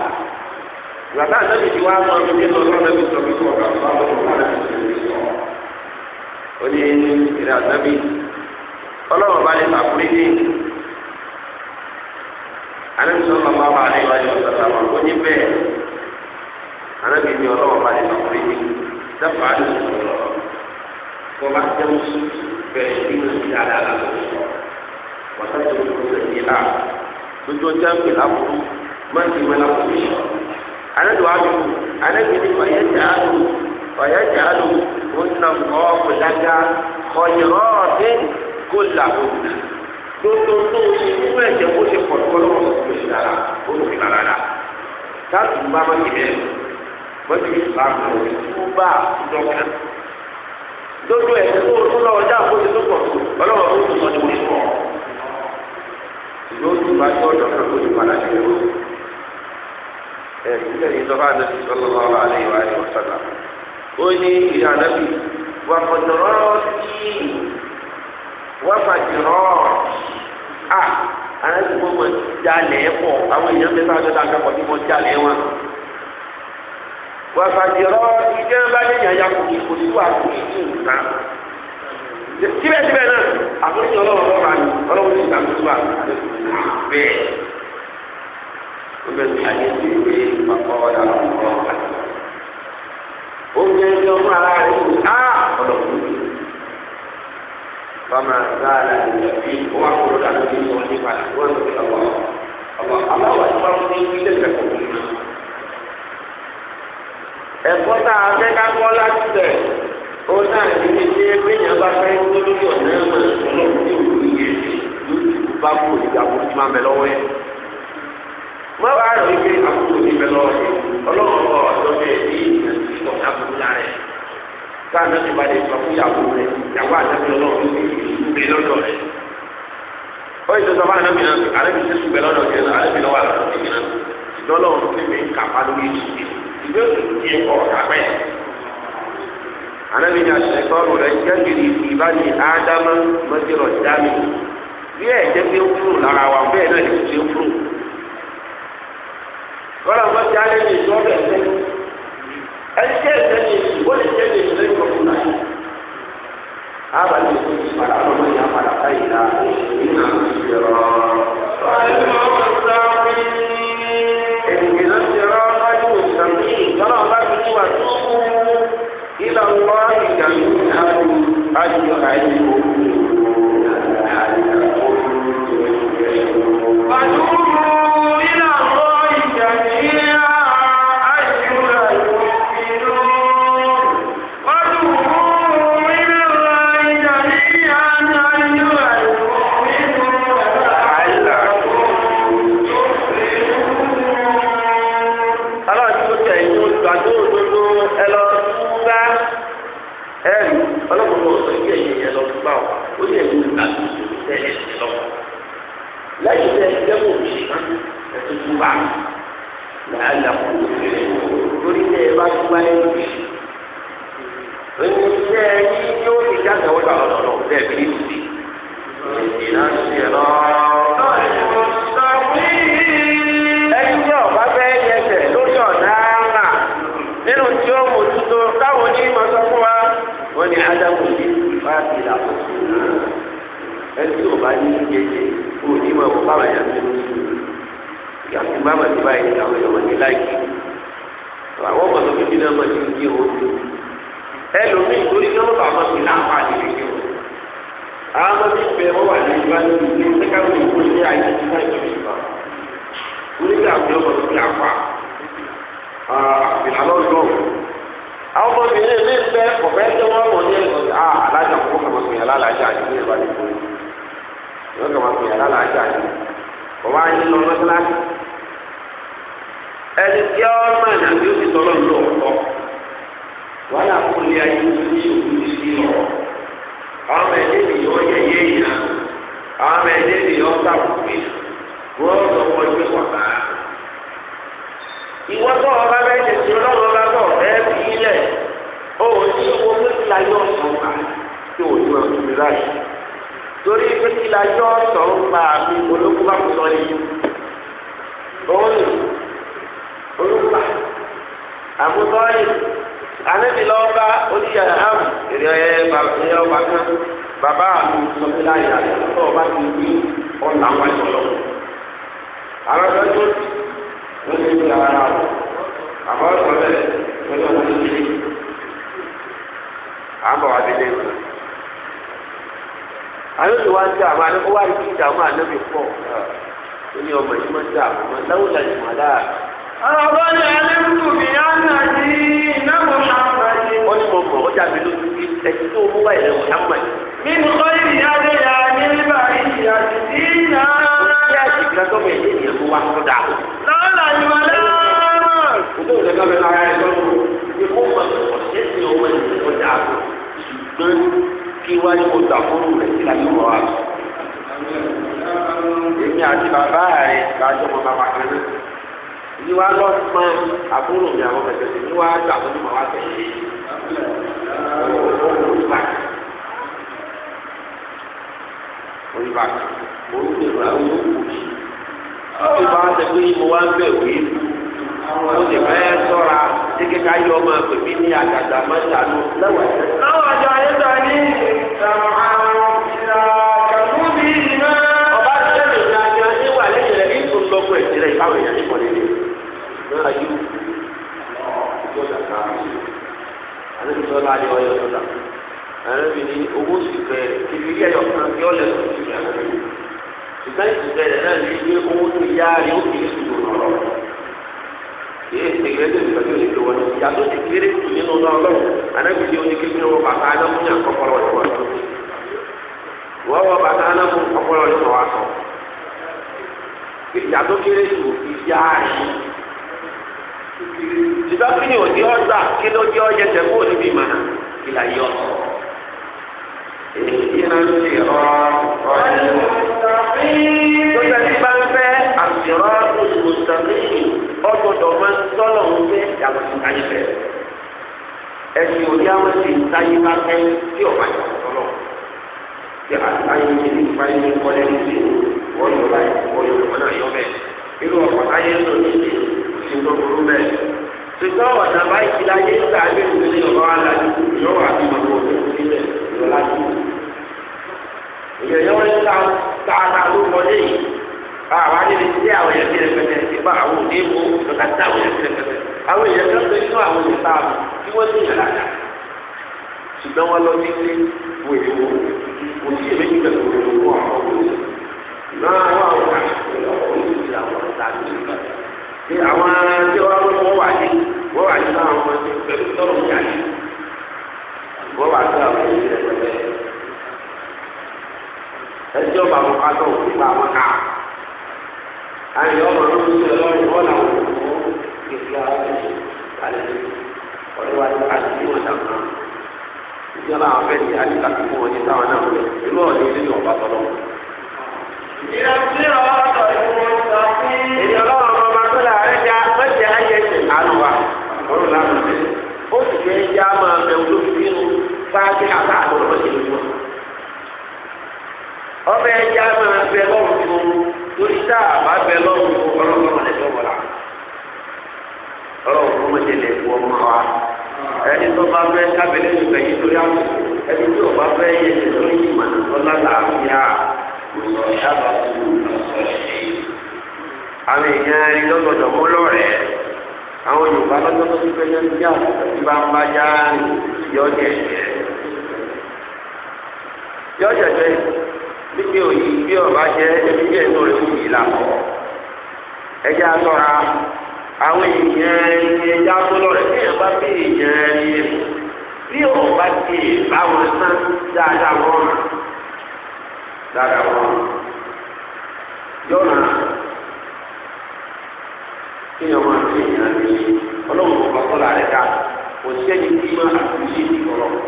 ìgbà táwọn ẹ̀sẹ̀ mi ti wá mọ́ mi ní lọ́sọ̀rọ̀ ó ní ìrìn ànábì ọlọ́run bá ní àforíjì anábìsọ bàbá bá ní ìwádìí ọ̀sán àwọn ó ní bẹ́ẹ̀ anábì ní ọlọ́run bá ní àforíjì dábàá ní ìṣòro kó bá jẹ́ mùsùlùmí bẹ̀rẹ̀ sí ní ìṣẹ́ àdára lọ́wọ́ wọ́n sá tó kó lè ní ìlà lójú ọjà ń pè láburú má ti mọ láburú yìí anábì wàá dùn anábì ní fàyẹ̀ dáa dùn ọ̀yẹ́jàlú ọ̀nàmọ́ ọ̀gbẹ̀dájà ọ̀yẹ̀rọ̀ọ̀dẹ́ kólàbò gbogbo tó o ṣe nínú ẹ̀jẹ̀ kó ṣe pọ̀ tó lọ́wọ́ kó ṣe dára ó lò fi lára rà táàbù bá má ti bẹ́ẹ̀ mọ́tò ìfà kò tó bá dọ́kà dodo ẹ̀ kó o tó lọ́wọ́ dá àkóso tó pọ̀ ọlọ́wọ́ kó o sọ ní orí pọ̀ lóòtú bá tó ọ̀dọ́ kan tó ti padà ṣe lọ ẹ̀ nígbà yìí lọ́ba àdàtì sọ́lọ́wọ́ àlẹ́ ìwà àlẹ́ ìwà sábà. ó ní ìyá ànábì à ànábì mo mọ jalè pọ̀ àwọn èèyàn bẹ bá dọdọ àgbàpọ tí mo jalè wọn wàfàjọrọ ìjẹ bá lẹ́yìn àyà kò ní kò sí wà nǹkan síbẹ̀síbẹ̀ náà ọlọ́run ọlọ́run ọlọ́run bẹ́ẹ̀ bẹ̀rẹ̀ àti. oge ndị ọmọ ara ahụ ní á ọ̀dọ̀ kù. Bàmà sáàlà ìyàbí wọn kúrò dàbí ní ìwọ̀n nípa ìwọ̀n tó fi ọwọ́ ọmọ aláwọ̀ tí wọ́n fi ilé ìfẹ̀kọ̀ fún tá a ká láti ó náà ṣe é pé bá kó lórí ọ̀nà ọlọ́run ní òkú bá kú ìyàwó tí máa sáànà tó bá lè sọ fún ìyàwó rẹ ìyàwó àtàbí ọlọ́run ní ìgbé lọ́dọ̀ rẹ. ó yẹ sọ́sọ́ fún anábì náà anábì tó sùn bẹ́ẹ̀ lọ́dọ̀ rẹ anábì náà wà lọ́dọ̀ rẹ náà ìdọ́lọ́run tó lè kápá lórí ìṣúgbé ìgbé òtútù yẹ kọ́ kápẹ́. anábì náà ṣe tọ́lù rẹ jẹ́gìrì ìbáni ádámà mọ́tìrọ̀ dámì bí ẹ̀ jẹ́ pé ó kúrò lára wa bẹ́ẹ̀ náà lè ṣe kúrò. lọ́la mọ́tì الشيء الذي ولا الشيء الذي يكون هذا الذي يسمع الأمر يعمل أين إن الصراط إن الصراط المستقيم ترى ما وتوبوا إلى الله جميعا أيها المؤمنون لعلكم تفلحون tuntun bá làálà kú lórí tẹ ẹ bá tún wá lẹ́nu bí ẹni tẹ ẹ ní yóò fi jáde àwọn ìgbà lọ́dọ̀ lọ bẹ́ẹ̀ bí ní ti ìlànà ìṣẹ̀ lọ. ẹni lórí ọ̀dà náà nínú tí ó wọ́n ní ádámù ní bá ti là kó sí i. ẹni ní yẹsẹ̀ ọ̀pá àyà yàtọ̀ bá màtí báyìí àwọn èèyàn màtí láìpẹ́ àwọn ọmọ tó bíbí náà màtí ń kí wọn tó ẹlòmíì torí kí wọn bá wọn fi láǹfà níbi kí wọn. àwọn ọmọ mi bẹ wọn wà ní ìgbà ní ìlú sẹkàwé ìlú ní àyè tí wọn ìlú ìgbà onígbà àbúrò wọn fi láǹfà àbìlànà ọjọ àwọn ọmọ mi ní ilé ìfẹ́ tí wọn mọ ní ẹgbẹ́ ah alájà kókó kàmá fi yàrá làájà àti ní ìbá nìkan yóò kàmá fi yàrá làájà àti wọn wá lọ lọ́sílá ẹni tí ọ máa nà bí ó ti tọ́lọ̀ ń lọ ọ̀tọ̀ wọn là kó lé ayé ní ìṣòwò ní sí lọ ọmọ ẹni nìyí wọn yẹ yé ìyá ọmọ ẹni nìyí wọn sàkó mi wọn sọ wọn gbé wàhálà ìwọ tó ọba bẹ́ẹ̀ ṣe ti ọlọ́run ọba bọ̀ bẹ́ẹ̀ fi ilẹ̀ ó ní owó pẹ́kìlá yọ ọ̀sán pa tí òun yóò tún mi láyé torí pẹ́kìlá yọ ọ̀sán pa mi olókùn bá kú sọ yìí. olùkà àbútọ́yì anábì lọ́wọ́ bá oníyà èrè bàbá ọba kan bàbá àlù yà ọba ti wí ọ̀nà àwọn na àwọn ọ̀gá tó ti wọ́n ti wí ara wọn àmọ́ ọ̀gá ti àwọn wà ní ìdààmú pọ̀ ọlọ́run ní alẹ́mùtù mi á nà ní iná muhammad. wọ́n ní mo mọ̀ ọ́ jà mí lójú ẹ̀sìn tó mú wáyé rẹ̀ muhammad. mi ní kọ́ ìrìn adé ya ní sí iná. ṣé wá Èmi àti bàbá rẹ̀ lájọ́ mọ bàbá kan náà ní wàá lọ mọ àbúrò mi àwọn kẹsẹsẹ ní wàá gbà fún mi mà wá tẹ̀lé olùbàdàn olùbàdàn olùdè wà ó yóò kú mi ọtí wàá tẹ pé mo wá ń bẹ̀ wí mo sì fẹ́ sọ́ra ṣé kíkà yọ ọmọ pè mí ní àgàdà mọ́tà lọ. lọ́wọ́ àjọ ayé sọ ní ìtàn àwọn ọmọ kajú ìjọ ìdàkà àlejò sọ láàyè ọyọ ìjọba àlejò ní owó sì bẹ̀rẹ̀ kíbi ẹyọ kan kí ọlẹ lọ sí ìyá rẹ ṣùgbọ́n ìṣẹ̀lẹ̀ náà ní owó tó yá rí ó kéré sùdò lọ́rọ̀ yìí ìgbẹ́ tó ìgbà tó ìgbà wọn yàtọ̀ ti kéré kù nínú náà lọ́wọ́ àlejò ní oní kékeré wọn bàtà anámúnyà kọ́kọ́rọ́ ìwà tó wọ́n wọ bàtà anámú kọ́kọ́rọ́ ìwà tó ìyàtọ̀ kéré sùdò ìyá rẹ ṣùgbọ́n kí ni òdi ọgbà kí ló jẹ́ ọyẹ tẹ kó níbi mà kí là yọ. èyí náà ń ṣe ọ ọdún. tó tẹ́lẹ̀ bá ń fẹ́ àṣìrọ́ olùmọ̀sánmí ọgbọ̀dọ̀ máa ń tọ́lọ̀ ń fẹ́ yàtọ̀ sí ayé fẹ́. ẹ̀sìn òdi àwọn ti ń táyé bá fẹ́ tí ọ̀pá yà tọ́lọ̀. tí àtàyè ti ń fa ilé kọ́lẹ́ ní ti wọ́n yọ̀ báyìí wọ́n yọ̀ bọ́nà yọ̀ bẹ́ẹ̀. irú ọ̀pọ̀ táyé ń lò ní ti òsì ṣùgbọ́n ọ̀nà báyìí ti la yé sáà lé ìwé ní ọ̀rọ̀ alájú yóò wà bí màmú òfin sílẹ̀ lọ́lájú. èèyàn yóò ta ta ta ló wọlé yìí àwọn adìrẹ ti dé àwọn èèyàn ti rẹ pẹtẹ ìgbà àwọn òde wo lọ́ka ti dá àwọn èèyàn ti rẹ pẹtẹ àwọn èèyàn tó ń pè nínú àwọn òde tá a mọ̀ kí wọ́n ti yàn lára ṣùgbọ́n wọn lọ sí ilé wo èwo kò sí pé àwọn tí wọ́n wọ́n wà ní wọ́n wà nínú àwọn ọmọ tí pẹ̀lú tọ́lọ̀ ń jáde wọ́n wà sí àwọn èyí rẹ̀ pẹ̀lẹ́. ẹjọ́ bá wọn pátọ́ òfin bá wọn ká àyè ọmọ tó ń sọ lọ́rùn wọn làwọn òkú kékeré aláṣẹ alẹ́ ọdún wa ti àti bí wọn dàgbà ìjọba àwọn fẹ́ẹ́ ti àti kàkí fún wọn ní táwọn náà wọlé irú ọ̀dọ́ ilé ìwọ̀n bá tọ́lọ́. ìyá sí ọ̀rọ̀ ìwọ̀n sọ láwù ẹni tí ọba fẹ́ yẹ ẹ lórí ìmọ̀ nìkọ́lá làáfíà lọ dábàá fún un. àwọn èèyàn rí lọ́gbọ̀dọ̀ mú lọ́rẹ̀ẹ́ àwọn Yorùbá lọ́jọ́ tó ti fẹ́ yẹn ti yá àti bá ń bá já yọ jẹ̀jẹ̀. yọ jẹ̀jẹ̀ níbi òyì bí ọba jẹ́ ẹbí jẹ́ inú rẹ̀ wù yìí làkọ́. ẹjẹ́ àwọn èèyàn ẹ̀yìn ẹja tó lọ rẹ̀ bá bí èèyàn ẹ̀yìn ẹ̀yìn bí o bá ti báwọn sán dáadáa wọn dáadáa wọn yóò nà kí ni ọmọ àti ìyá mi ọlọ́run kò kọ́kọ́ la rẹ̀ ká kò sẹ́ni tí ma àti yé ti kọ̀ ọlọ́run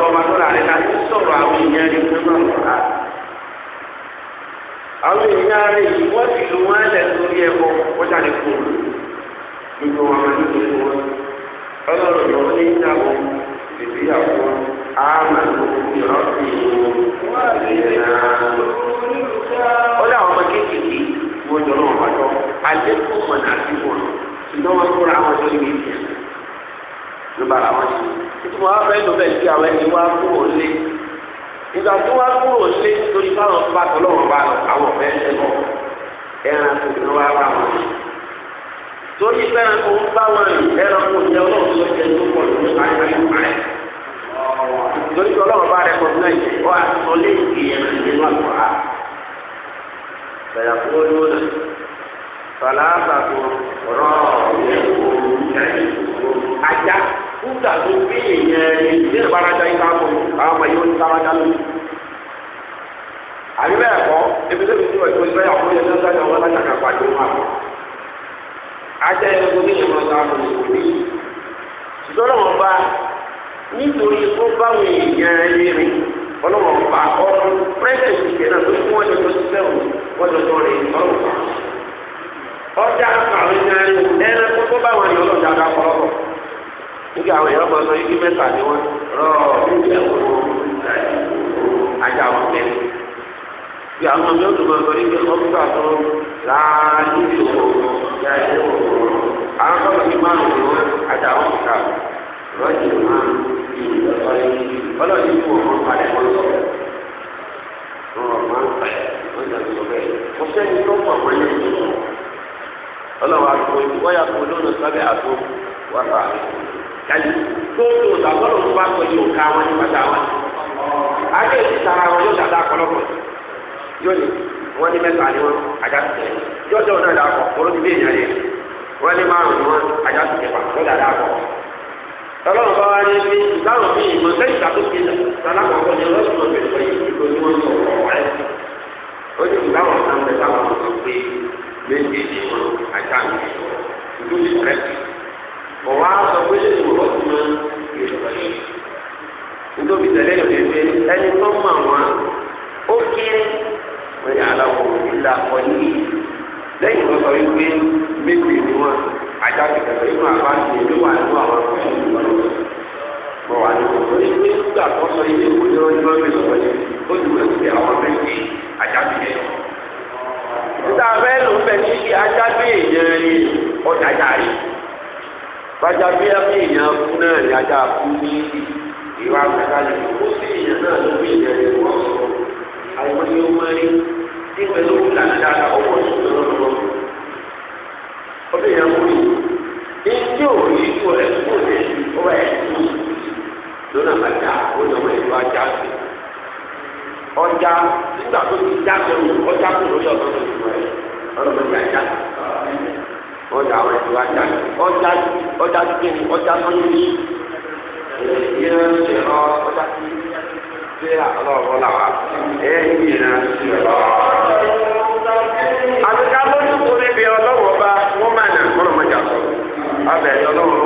kò kọ́kọ́ la rẹ̀ ká ti sọ̀rọ̀ àwọn èèyàn rẹ̀ fún ọmọ àti ọ̀la. àwọn èèyàn rẹ̀ yìí wọ́n ti lu wọn lẹ̀ sórí ẹ̀kọ́ wọ́n jáde kúrò lójú wọn máa ń lò lójú wọn ọlọ́run ló ní ìyàwó ìdíyàwó àmà ìrántí ìlera. ó dá àwọn ọmọ kéékèèké tí wọ́n jọ náà wá lọ àlékún mọ̀nà àti wọn ṣùgbọ́n wọn kúrò àwọn tó ní ìdí ló bá àwọn ṣe. títí wọn á fẹ́ ló bẹ̀ sí àwọn ẹni wá kúrò lé. ìgbà tí wọ́n á kúrò lé torí báwọn bá tọ́lọ́wọ́n bá àwọn ọ̀fẹ́ ṣẹ́ lọ ẹran tó ní wọ́n á bá wọn ṣe torí bẹ́ẹ̀ tó ń bá wọn rìn ẹranko jẹ ọlọ́run tó jẹ tó pọ̀ ní àyàlùmáì torí tí ọlọ́run bá rẹpọ̀ náà yẹ ọ àtọ́ lé ìyẹn nínú àgbà á bẹ̀rẹ̀ fún olówó náà tọ́lá àbàkù rọ ẹ̀kọ́ ajá kúta tó bí ìyẹn ní ìdílé bàrájà yìí bá àwọn ọmọ yìí ó ní bàrájà lónìí àbí bẹ́ẹ̀ kọ́ ebi tó fi ti wọ̀ ìgbésẹ̀ àwọn ọmọ yẹn tó ń sáré àwọn ajá ẹni gbogbo yẹn máa ta àwọn òṣèlú ṣùgbọ́n náà wọ́n bá nítorí kó báwọn èèyàn ayé rìn ọlọ́wọ́ pa ọdún pírẹ́sìtì ìṣẹ̀ náà lórí wọ́n jọ tó ṣiṣẹ́ wò wọ́n jọ tó rìn ọlọ́wọ́ pa. ọjà àwọn èèyàn ayé ẹran tó kó báwọn èèyàn ọlọ́jà dá kọ́ lọ́wọ́ nígbà àwọn èèyàn ọmọ sọ yìí kí mẹ́ta ni wọ́n rọ ajá wọn kẹ́rin. bí àwọn ọmọ yóò máa bọ̀rí pé ọ́fíà tó láàyè ya ìṣòro àwọn ọmọ mi máa ń lò àjà àwọn ọ̀gá lọ́jọ́ máa ń fi ìdọ̀tọ́ yìí ọlọ́ọ̀dì kú ọ̀hún padà wọ́n sọ wọn máa ń pẹ̀ wọ́n dàbí sọ bẹ́ẹ̀ mo sẹ́ni tó mọ̀ wọ́n yẹn tó sọ ọlọ́wọ́ àgbo yóni wọn ní mẹ́ta ni wọn ajá ti tẹ yọjọ náà dà kọ wọn ti bí èèyàn yẹ wọn ní márùn ni wọn ajá ti tẹ pa wọn dà dà kọ. Ọlọ́run bá wá ní bí ìdáhùn bí ìmọ̀ sẹ́yìn ìgbà tó fi nà sálá kọ̀ọ̀kan ni ọlọ́sùn ọ̀gbìn ìgbà yìí ló ní wọ́n sọ ọ̀rọ̀ rẹ̀. ó ní ìdáhùn náà mẹ́ sábà tó sọ pé méjì ni wọn ajá mi sọ ìlú mi rẹ̀. ọ̀wá tẹ̀lé ìrìn pé ẹni pé aláwọ̀ ìlà ọ̀yí lẹ́yìn tó sọ wípé méjì ni wọ́n ajá kẹ̀kẹ́ inú àbá ti èmi wà nínú àwọn akọ́ṣẹ́ ìlú mọ̀ wà nínú ọ̀sán yìí ní ìgbà tó sọ ilé ìwé ní ọjọ́ méjì lọ́wọ́ yìí ó ti wọ́n ti àwọn méjì ajá kẹ̀kẹ́ yọ. títa fẹ́ ló ń bẹ ní kí ajá bí èèyàn rí ọjà ajá rí bájá bí èèyàn kú náà ní ajá kú ní ìwà àgbàkalẹ̀ ó sì èèyàn náà ló bí èèyàn rí wọ́n sọ bí pẹ̀lú ìlànà dáadáa ọwọ́ ìṣòro lọ́wọ́ ọdún yẹn wúlò èyí ò rí ìṣó rẹ̀ kó lè ẹ̀ tó lọ́nà àjà onímọ̀ ìlú ajá sí ọjà nígbà tó ti já pẹ̀lú ọjà kò lórí ọ̀dọ́ tó ti wọ̀ ẹ̀ ọlọ́mọ ìyá ajá ọjà àwọn ìlú ajá ọjà ọjà tó kéde ọjà tó ní ìyẹn ọjà tó ṣé àlọ́ọ̀bọ̀ là wà ẹ̀yìn náà. àbíká lójú kò níbi ọlọ́wọ́ bá wọ́n máa nà kọ́lọ́mọjà sọ abẹ́ ọlọ́wọ́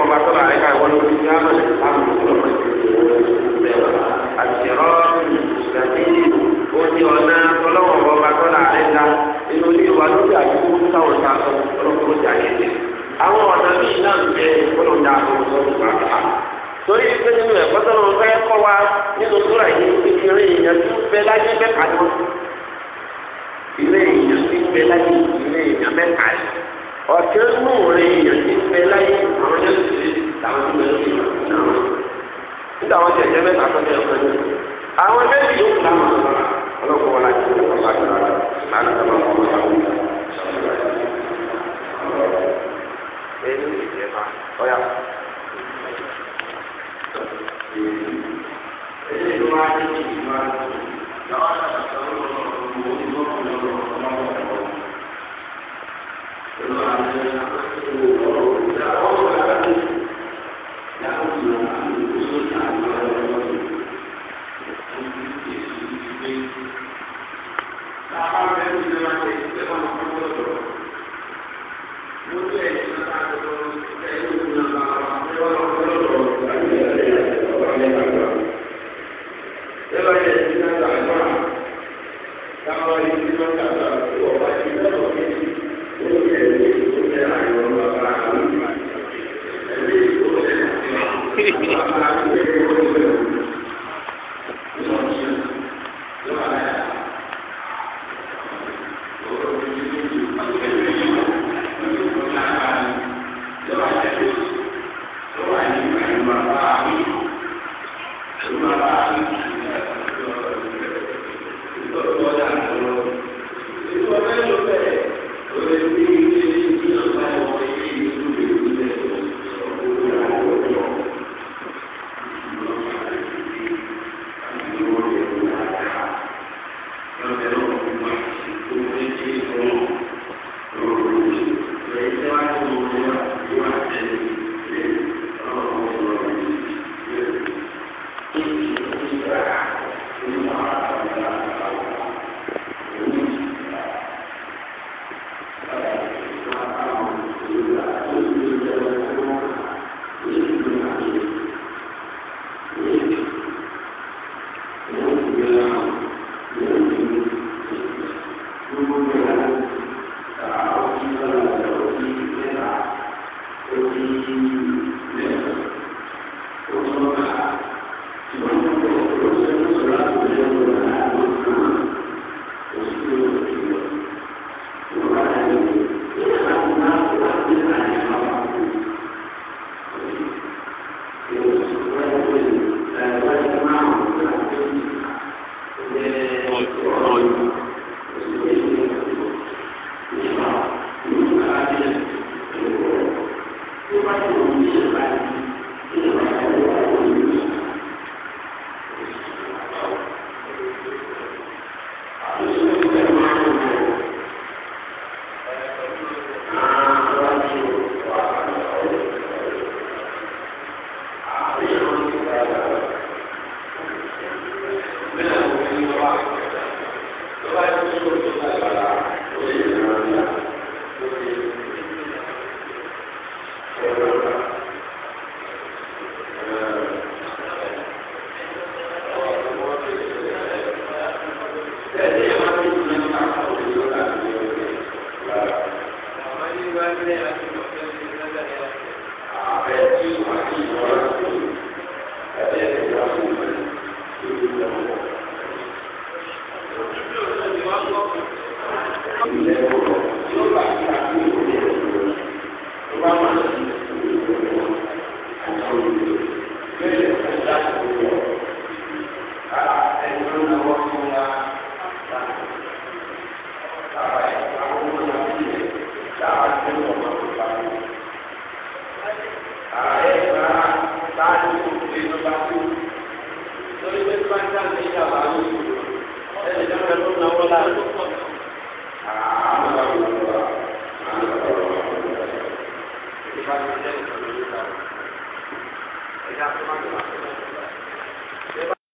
vai fazer o que você vai fazer.